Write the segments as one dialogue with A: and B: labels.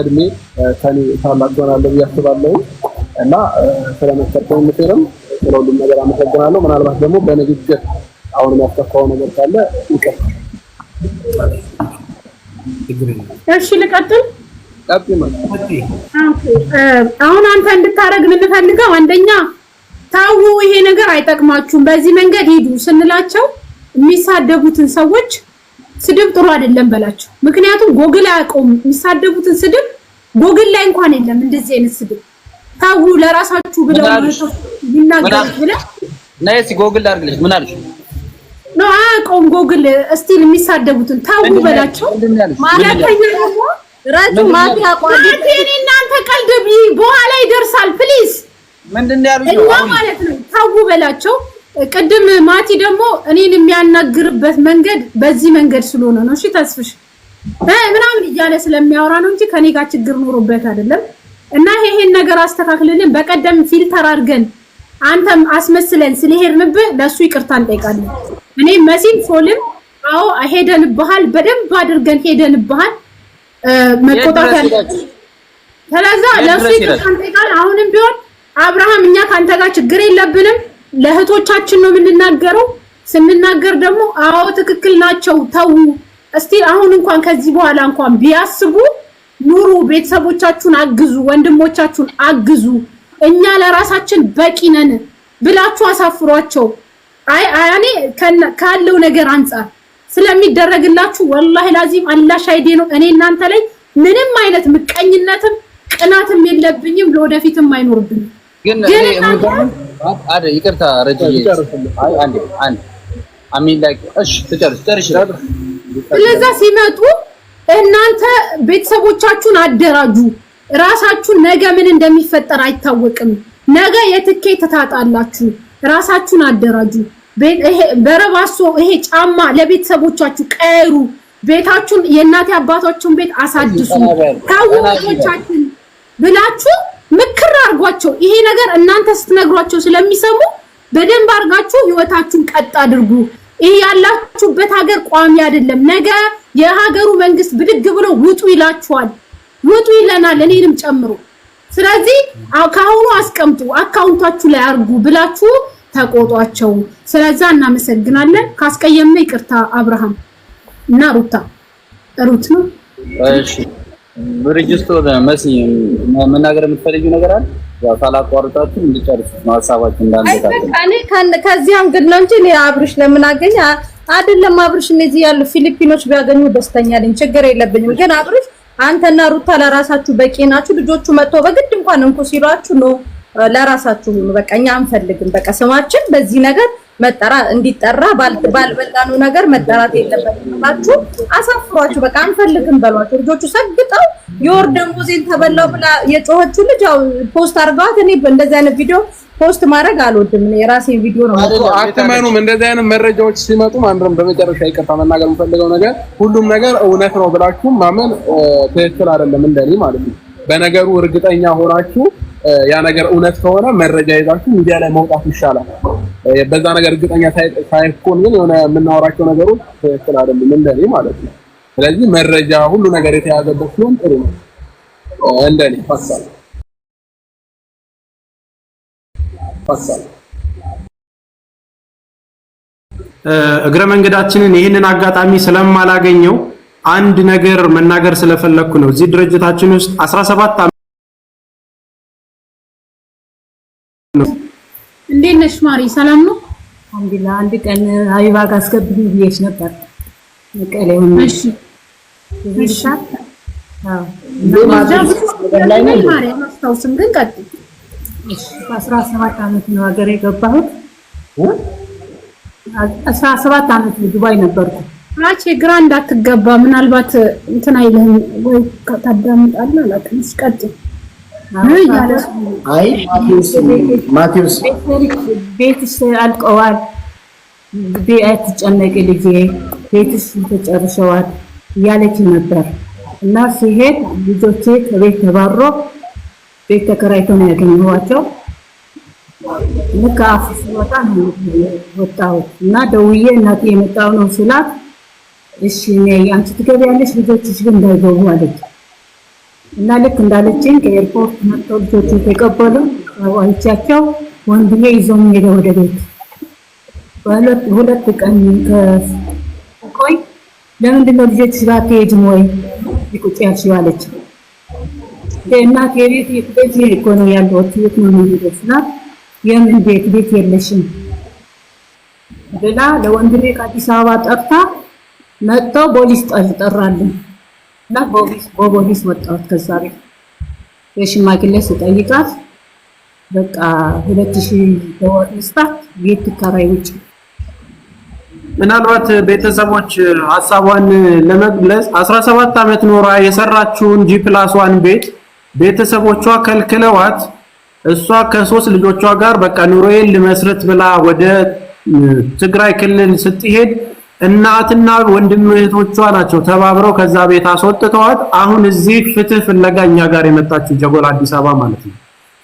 A: እድሜ ከኔ ታላቅ ሆናለሁ ብዬ አስባለሁ እና ስለመሰጠኝ ምክርም ስለሁሉም ነገር አመሰግናለሁ። ምናልባት ደግሞ በንግግር አሁን ያስተካው ነገር ካለ እሺ፣ ልቀጥል። አሁን አንተ እንድታደረግ የምንፈልገው አንደኛ ታው ይሄ ነገር አይጠቅማችሁም፣ በዚህ መንገድ ሂዱ ስንላቸው የሚሳደቡትን ሰዎች ስድብ ጥሩ አይደለም በላቸው። ምክንያቱም ጎግል አያውቀውም። የሚሳደቡትን ስድብ ጎግል ላይ እንኳን የለም። እንደዚህ አይነት ስድብ ታው ለራሳችሁ ብለው ይናገሩት ብለ ናይ ሲ ጎግል አድርግልሽ ምን አልሽ ነው አያውቀውም። ጎግል እስቲል የሚሳደቡትን ታው በላቸው። ማለተኛ ደግሞ ራጁ ማፊያ እናንተ ቀልድ በኋላ ይደርሳል። ፕሊዝ ምንድነው ያሉት? ማለት ነው ታው በላቸው ቅድም ማቲ ደግሞ እኔን የሚያናግርበት መንገድ በዚህ መንገድ ስለሆነ ነው፣ እሺ ተስፍሽ ምናምን እያለ ስለሚያወራ ነው እንጂ ከኔ ጋር ችግር ኖሮበት አይደለም። እና ይሄን ነገር አስተካክልልን። በቀደም ፊልተር አድርገን አንተም አስመስለን ስለሄድንብህ ለሱ ይቅርታ እንጠይቃለን። እኔ መሲም ፎልም አዎ ሄደንብሃል፣ በደንብ አድርገን ሄደንብሃል። መቆጣት ስለዛ ለእሱ ይቅርታ እንጠይቃለን። አሁንም ቢሆን አብርሃም እኛ ከአንተ ጋር ችግር የለብንም። ለእህቶቻችን ነው የምንናገረው። ስንናገር ደግሞ አዎ ትክክል ናቸው ተዉ። እስቲ አሁን እንኳን ከዚህ በኋላ እንኳን ቢያስቡ ኑሩ፣ ቤተሰቦቻችሁን አግዙ፣ ወንድሞቻችሁን አግዙ፣ እኛ ለራሳችን በቂ ነን ብላችሁ አሳፍሯቸው። አይ እኔ ካለው ነገር አንጻር ስለሚደረግላችሁ ወላሂ ላዚም አላሽ አይዴ ነው። እኔ እናንተ ላይ ምንም አይነት ምቀኝነትም ቅናትም የለብኝም፣ ለወደፊትም አይኖርብኝም ግን አረ ይቅርታ ረጂ ስለዛ ሲመጡ እናንተ ቤተሰቦቻችሁን አደራጁ ራሳችሁን ነገ ምን እንደሚፈጠር አይታወቅም ነገ የትኬት ትታጣላችሁ ራሳችሁን አደራጁ በረባሶ ይሄ ጫማ ለቤተሰቦቻችሁ ቀይሩ ቤታችሁን የእናቴ አባቶችን ቤት አሳድሱ ታውቆቻችሁን ብላችሁ ምክር አድርጓቸው። ይሄ ነገር እናንተ ስትነግሯቸው ስለሚሰሙ በደንብ አድርጋችሁ ህይወታችሁን ቀጥ አድርጉ። ይሄ ያላችሁበት ሀገር ቋሚ አይደለም። ነገ የሀገሩ መንግስት ብድግ ብሎ ውጡ ይላችኋል፣ ውጡ ይለናል፣ እኔንም ጨምሮ። ስለዚህ ከአሁኑ አስቀምጡ፣ አካውንታችሁ ላይ አድርጉ ብላችሁ ተቆጧቸው። ስለዛ እናመሰግናለን። ካስቀየመ ይቅርታ አብርሃም እና ሩታ ሩት ነው። ብርጅስቶ መሲ መናገር የምትፈልጊው ነገር አለ? ያው ሳላቋርጣችሁ እንድጨርሱ ነው ሀሳባችን እንዳንደታለን። ከዚህ ግን ነው እንጂ እኔ አብርሽ ለምን አገኝ አይደለም። አብርሽ እነዚህ ያሉ ፊሊፒኖች ቢያገኙ ደስተኛ ነኝ፣ ችግር የለብኝም። ግን አብርሽ አንተና ሩታ ለራሳችሁ በቂ ናችሁ። ልጆቹ መጥቶ በግድ እንኳን እንኩ ሲሏችሁ ነው ለራሳችሁ ሁኑ። በቃ እኛ አንፈልግም። በቃ ስማችን በዚህ ነገር መጠራ እንዲጠራ ባልበላነው ነገር መጠራት የለበትም ባችሁ አሳፍሯችሁ በቃ አንፈልግም በሏቸው። ልጆቹ ሰግጠው የወር ደመወዜን ተበላው ብላ የጮኸችው ልጅ ያው ፖስት አድርገዋት። እኔ እንደዚህ አይነት ቪዲዮ ፖስት ማድረግ አልወድም። የራሴን ቪዲዮ ነው። አትመኑም። እንደዚህ አይነት መረጃዎች ሲመጡ አንድም በመጨረሻ ይቅርታ መናገር የምፈልገው ነገር ሁሉም ነገር እውነት ነው ብላችሁም ማመን ትክክል አይደለም፣ እንደኔ ማለት ነው። በነገሩ እርግጠኛ ሆናችሁ ያ ነገር እውነት ከሆነ መረጃ ይዛችሁ ሚዲያ ላይ መውጣት ይሻላል። በዛ ነገር እርግጠኛ ሳይኮን ግን የሆነ የምናወራቸው ነገሮች ትክክል አይደለም፣ እንደኔ ማለት ነው። ስለዚህ መረጃ ሁሉ ነገር የተያዘበት ሲሆን ጥሩ ነው፣ እንደኔ ሀሳብ እግረ መንገዳችንን ይህንን አጋጣሚ ስለማላገኘው አንድ ነገር መናገር ስለፈለኩ ነው። እዚህ ድርጅታችን ውስጥ 17 ዓመት ነው። እንዴት ነሽ ማሪ? ሰላም ነው አልሐምዱሊላህ። አንድ ቀን ሀቢባ ጋር አስገብኝ ብዬሽ ነበር። መቀሌውን እሺ፣ እሺ። አዎ ነው ሀገር ዱባይ ነበርኩ ራቼ ግራ እንዳትገባ ምናልባት እንትን አይልህም ወይ ታዳምጣለህ አላውቅም። እስቀጥ አይ ማቴዎስ ቤትስ አልቀዋል፣ አትጨነቂ ልጄ ቤትስ ተጨርሸዋል እያለች ነበር እና ሲሄድ ልጆቼ ከቤት ተባሮ ቤት ተከራይቶ ነው ያገኘኋቸው። ልክ አፍ ሲወጣ እና ደውዬ እናቴ የመጣው ነው ስላት እሺ አንቺ ትገቢያለሽ ልጆችሽ ግን እንዳይገቡ አለች እና ልክ እንዳለችኝ ከኤርፖርት መጥተው ልጆቹ ተቀበሉ። አይቻቸው ወንድሜ ይዞም ሄደ ወደ ቤት። ሁለት ቀን ቆይ ለምንድን ነው ልጆችሽ ጋር አትሄጂም ወይ ቁጭ ያልሽው አለች። እናቴ ቤት ቤት እኮ ነው ያለሁት ቤት ነው የምሄደው ስላት የምን ቤት ቤት የለሽም ብላ ለወንድሜ ከአዲስ አበባ ጠርታ መጥተው ፖሊስ ጠራልን እና በፖሊስ ወጣሁት ከዛ ቤት የሽማግሌ ስጠይቃት በቃ ሁለት ሺህ በወር ምስታት ቤት ትከራይ ውጭ። ምናልባት ቤተሰቦች ሀሳቧን ለመግለጽ 17 ዓመት ኖሯ የሰራችውን ጂ ፕላስ ዋን ቤት ቤተሰቦቿ ከልክለዋት እሷ ከሶስት ልጆቿ ጋር በቃ ኑሮዬን ልመስረት ብላ ወደ ትግራይ ክልል ስትሄድ እናትና ወንድም እህቶቿ ናቸው ተባብረው ከዛ ቤት አስወጥተዋት። አሁን እዚህ ፍትህ ፍለጋ እኛ ጋር የመጣችው ጀጎል አዲስ አበባ ማለት ነው።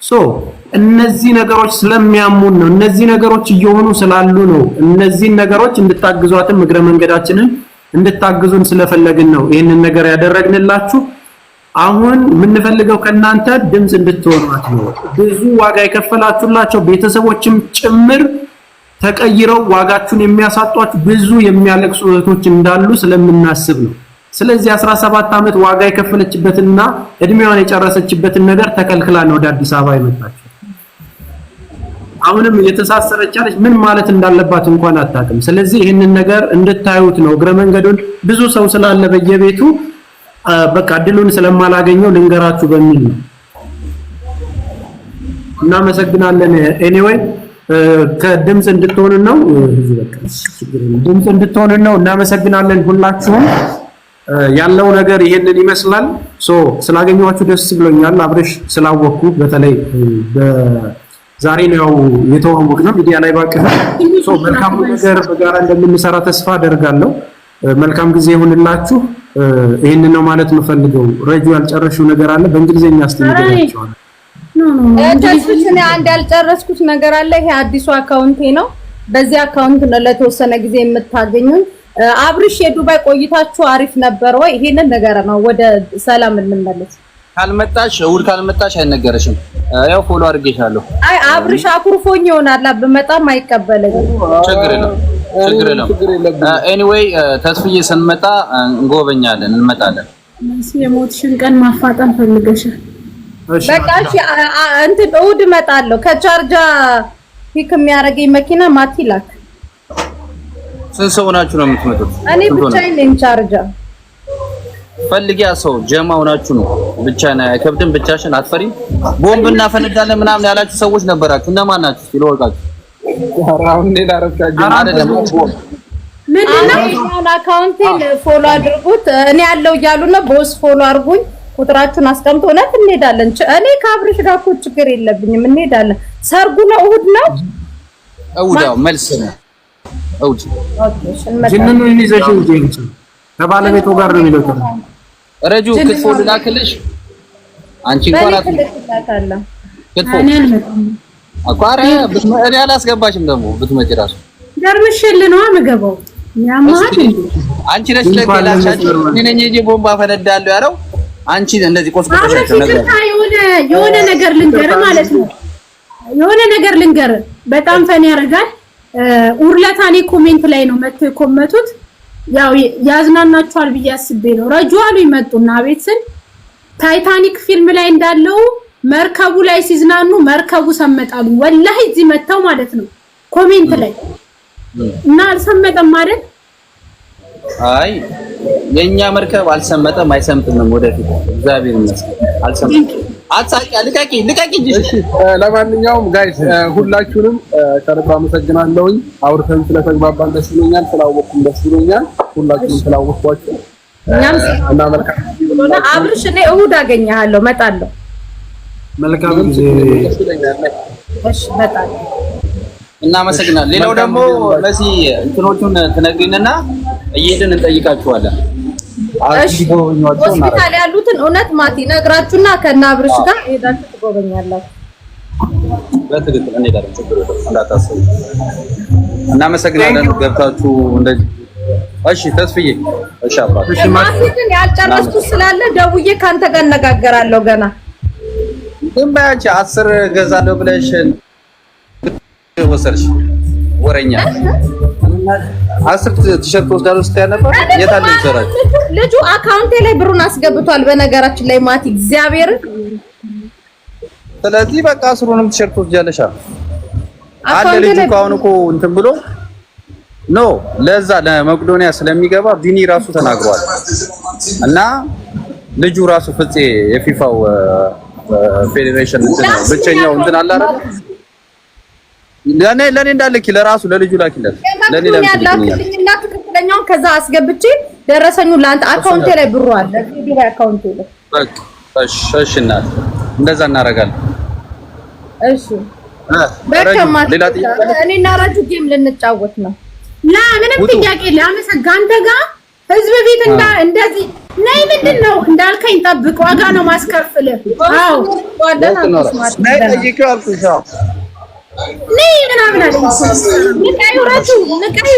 A: ሶ እነዚህ ነገሮች ስለሚያሙን ነው፣ እነዚህ ነገሮች እየሆኑ ስላሉ ነው። እነዚህን ነገሮች እንድታግዟትም እግረ መንገዳችንን እንድታግዙን ስለፈለግን ነው ይህንን ነገር ያደረግንላችሁ። አሁን የምንፈልገው ከእናንተ ድምፅ እንድትሆኗት ነው። ብዙ ዋጋ የከፈላችሁላቸው ቤተሰቦችም ጭምር ተቀይረው ዋጋችሁን የሚያሳጧችሁ ብዙ የሚያለቅሱ እህቶች እንዳሉ ስለምናስብ ነው። ስለዚህ 17 ዓመት ዋጋ የከፈለችበትና እድሜዋን የጨረሰችበትን ነገር ተከልክላ ነው ወደ አዲስ አበባ የመጣችው። አሁንም እየተሳሰረች ያለች ምን ማለት እንዳለባት እንኳን አታውቅም። ስለዚህ ይህንን ነገር እንድታዩት ነው። እግረ መንገዱን ብዙ ሰው ስላለ በየቤቱ በቃ እድሉን ስለማላገኘው ልንገራችሁ በሚል ነው። እናመሰግናለን። ኤኒዌይ ከድምፅ እንድትሆንን ነው ድምፅ እንድትሆንን ነው። እናመሰግናለን ሁላችሁም። ያለው ነገር ይሄንን ይመስላል። ሶ ስላገኘኋችሁ ደስ ብሎኛል። አብረሽ ስላወቅኩ በተለይ ዛሬ ነው ያው የተዋወቅ ነው ሚዲያ ላይ ባቀ ሶ መልካም ነገር በጋራ እንደምንሰራ ተስፋ አደርጋለሁ። መልካም ጊዜ ይሁንላችሁ። ይሄንን ነው ማለት የምፈልገው። ረጁ ያልጨረሽው ነገር አለ በእንግሊዝኛ አስተምራችኋለሁ። ተስፍችን አንድ ያልጨረስኩት ነገር አለ። ይሄ አዲሱ አካውንቴ ነው። በዚህ አካውንት ነው ለተወሰነ ጊዜ የምታገኙኝ። አብርሽ የዱባይ ቆይታችሁ አሪፍ ነበር ወይ? ይሄንን ነገር ነው ወደ ሰላም እንመለስ። ካልመጣሽ እሑድ ካልመጣሽ አይነገረሽም። ያው ፎሎ አድርጌሻለሁ። አይ አብርሽ አኩርፎኝ ይሆናል ብመጣም አይቀበለኝም። ችግር የለም ችግር የለም። ኤኒዌይ ተስፍዬ ስንመጣ እንጎበኛለን፣ እንመጣለን። የሞትሽን ቀን ማፋጠን ፈልገሻል። በቃ እሺ፣ እንትን እሑድ እመጣለሁ። ከቻርጃ ፒክ የሚያደርገኝ መኪና ማቲ ላክ። ስንት ሰው ናችሁ ነው የምትመጡት? እኔ ብቻዬን ነኝ። ቻርጃ ፈልጊያ ሰው ጀማ ሆናችሁ ነው ብቻ ነው አይከብድም። ብቻሽን አትፈሪ? ቦምብ እናፈነዳለን ምናምን ያላችሁ ሰዎች ነበራችሁ። እነማን ናችሁ? ይለወቃችሁ አራውን ሌላ ረብሻ ጀማ አይደለም ምንድነው? አካውንቴን ፎሎ አድርጉት። እኔ ያለው እያሉ ነው። ቦስ ፎሎ አድርጉኝ ቁጥራችሁን አስቀምጦ እውነት እንሄዳለን። እኔ ከአብርሽ ጋር እኮ ችግር የለብኝም፣ እንሄዳለን። ሰርጉ ነው እሑድ ነው እሑድ መልስ ነው እሑድ። ጅንኑን ይዘሽው ሂጂ፣ ከባለቤቱ ጋር ነው የሚለው ረጁ። ክትፎ ልላክልሽ አንቺ እንኳን አትልላታለ ክትፎ አቋረ ብትመጪ አላስገባሽም። ደግሞ ብትመጪ ራሱ ደርምሽል ነው የምገባው። ያማህ አንቺ ነሽ ለገላሽ። እኔ ነኝ ቦምባ ፈነዳለሁ ያለው አንቺ እንደዚህ ቆስቆሽ የሆነ ነገር ልንገር ማለት ነው። የሆነ ነገር ልንገር በጣም ፈን ያደርጋል። ኡርለታኔ ኮሜንት ላይ ነው መጥተው የኮመቱት። ያው ያዝናናችኋል ብዬ አስቤ ነው። ረጁ አሉ ይመጡና አቤት ስል ታይታኒክ ፊልም ላይ እንዳለው መርከቡ ላይ ሲዝናኑ መርከቡ ሰመጣሉ። ወላሂ እዚህ መጥተው ማለት ነው ኮሜንት ላይ እና አልሰመጠም ማለት አይ የእኛ መርከብ አልሰመጠም፣ አይሰምጥም። ወደፊት እግዚአብሔር ይመስገን አልሰምጥም። አትሳቂ፣ ልቀቂ፣ ልቀቂ። ለማንኛውም ጋይስ ሁላችሁንም ከልብ አመሰግናለሁኝ። አውርተን ስለተግባባን ደስ ይለኛል፣ ስላወቅኩም ደስ ይለኛል። ሁላችሁንም ስላወቅኳችሁ እና መልካም አብርሽ፣ እኔ እሁድ አገኘሃለሁ፣ እመጣለሁ። መልካም ጊዜ። እሺ፣ እመጣለሁ። እናመሰግናለን። ሌላው ደግሞ ለዚህ እንትኖቹን ትነግሪንና እየሄድን እንጠይቃችኋለን። ሆስፒታል ያሉትን እውነት ማቲ ነግራችሁና ከና ብርሽ ጋር ሄዳችሁ ትጎበኛላችሁ። በትክክል እንሄዳለን። ችግር እንዳታስቡ። እናመሰግናለን። ገብታችሁ እንደዚህ እሺ ተስፍዬ፣ እሺ አባት፣ ማቲ ግን ስላለ ደውዬ ካንተ ጋር እነጋገራለሁ። ገና ግን አስር ብለሽ ወሰድሽ ወረኛ አስር ቲሸርት ወስዳለሁ ስትያ ነበር። የት አለ ይዘራችሁ? ልጁ አካውንቴ ላይ ብሩን አስገብቷል። በነገራችን ላይ ማቲ እግዚአብሔር። ስለዚህ በቃ አስሩንም ቲሸርት ወስጃለሽ አለ ልጁ። ከአሁን እኮ እንትን ብሎ ኖ ለዛ ለመቅዶኒያ ስለሚገባ ቢኒ ራሱ ተናግሯል። እና ልጁ ራሱ ፍፄ የፊፋው ፌዴሬሽን እንትን ብቸኛው እንትን አላረ ለኔ ለኔ እንዳልክ ለራሱ ለልጁ ላኪለት ለኔ ለኔ ትክክለኛውን ከዛ አስገብቼ ደረሰኙ ላንተ አካውንቴ ላይ ብሩ አለ ዱባይ አካውንቴ ላይ በቃ እሺ እናት እንደዛ እናደርጋለን እሺ በከማ እኔ እና ራጁ ጌም ልንጫወት ነው ላ ምንም ጥያቄ የለ አንተ ጋር ህዝብ ቤት እንዳ እንደዚህ ነይ ምንድን ነው እንዳልከኝ ጠብቅ ዋጋ ነው ማስከፍልህ አዎ ዋጋ ነው ነይ ጠይቂው አልኩሽ አዎ ነይ ምናምን አለኝ። ንቃዩ እራሱ ንቃዩ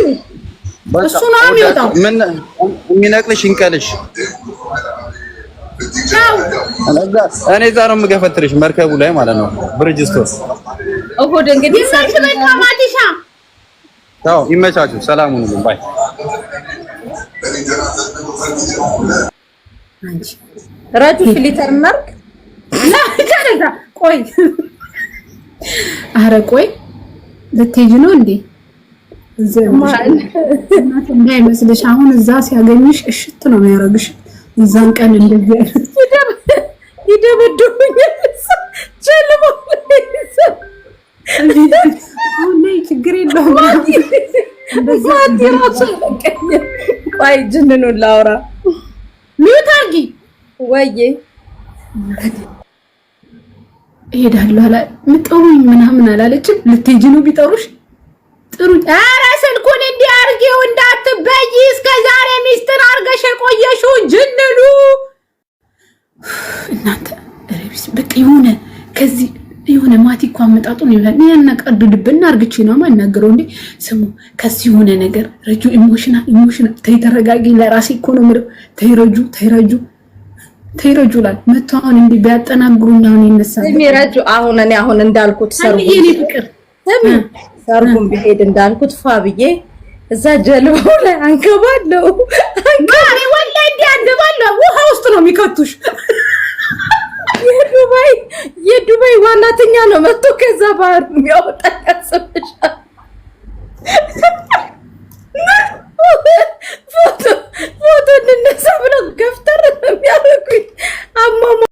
A: እሱ ነው የሚወጣው። ምን የሚነቅልሽ ይንቀልሽ። እኔ እዛ ነው የምገፈትርሽ መርከቡ ላይ ማለት ነው። ብርጅስቶን እሑድ እንግዲህ ይመቻችሁ። ሰላሙን ሁሉም ባይ ረጁ ፊሊተር መርክ ቆይ አረ ቆይ ልትሄጂ ነው እንዴ? እንዳይመስልሽ አሁን እዛ ሲያገኝሽ እሽት ነው የሚያደርግሽ። እዛን ቀን እንደዚህ ይደበድቡኛል ጀልቦ ላይ ችግር የለውም። ራሱ ለቀኝ ቆይ ጅንኑን ላውራ ሚዩት አርጊ ወይዬ እሄዳለሁ አላ ምጥሩኝ ምናምን አላለችም። ልትሄጂ ነው ቢጠሩሽ ጥሩ። ኧረ ስልኩን እንዲህ አድርጌው እንዳትበይ እስከ ዛሬ ሚስጥር አድርገሽ የቆየሽው ጅንሉ እናንተ ረቢስ በቃ የሆነ ከዚህ የሆነ ማቲ እኮ ነው ይላል። ያን ቀዱ ልብና አርግቼ ነው ማናገረው እንዴ ስሙ ከዚህ የሆነ ነገር ረጁ ኢሞሽናል ኢሞሽናል ተይ ተረጋጊ። ለራሴ እኮ ነው የምልህ። ተይ ረጁ ተይ ረጁ ተይረጁላል መቶ አሁን እንዲ ቢያጠናግሩኝ አሁን ይነሳል። ሚረጁ አሁን እኔ አሁን እንዳልኩት ሰርጉ ፍቅር ሰርጉን ቢሄድ እንዳልኩት ፋ ብዬ እዛ ጀልባው ላይ አንገባለሁ። ማሪ ወላሂ እንዲህ አንገባለሁ። ውሃ ውስጥ ነው የሚከቱሽ። የዱባይ የዱባይ ዋናተኛ ነው መጥቶ ከዛ ባህር የሚያወጣ ያስብሻል። ፎቶ እንነሳ ብለው ገፍተር የሚያደርጉኝ አሟሟ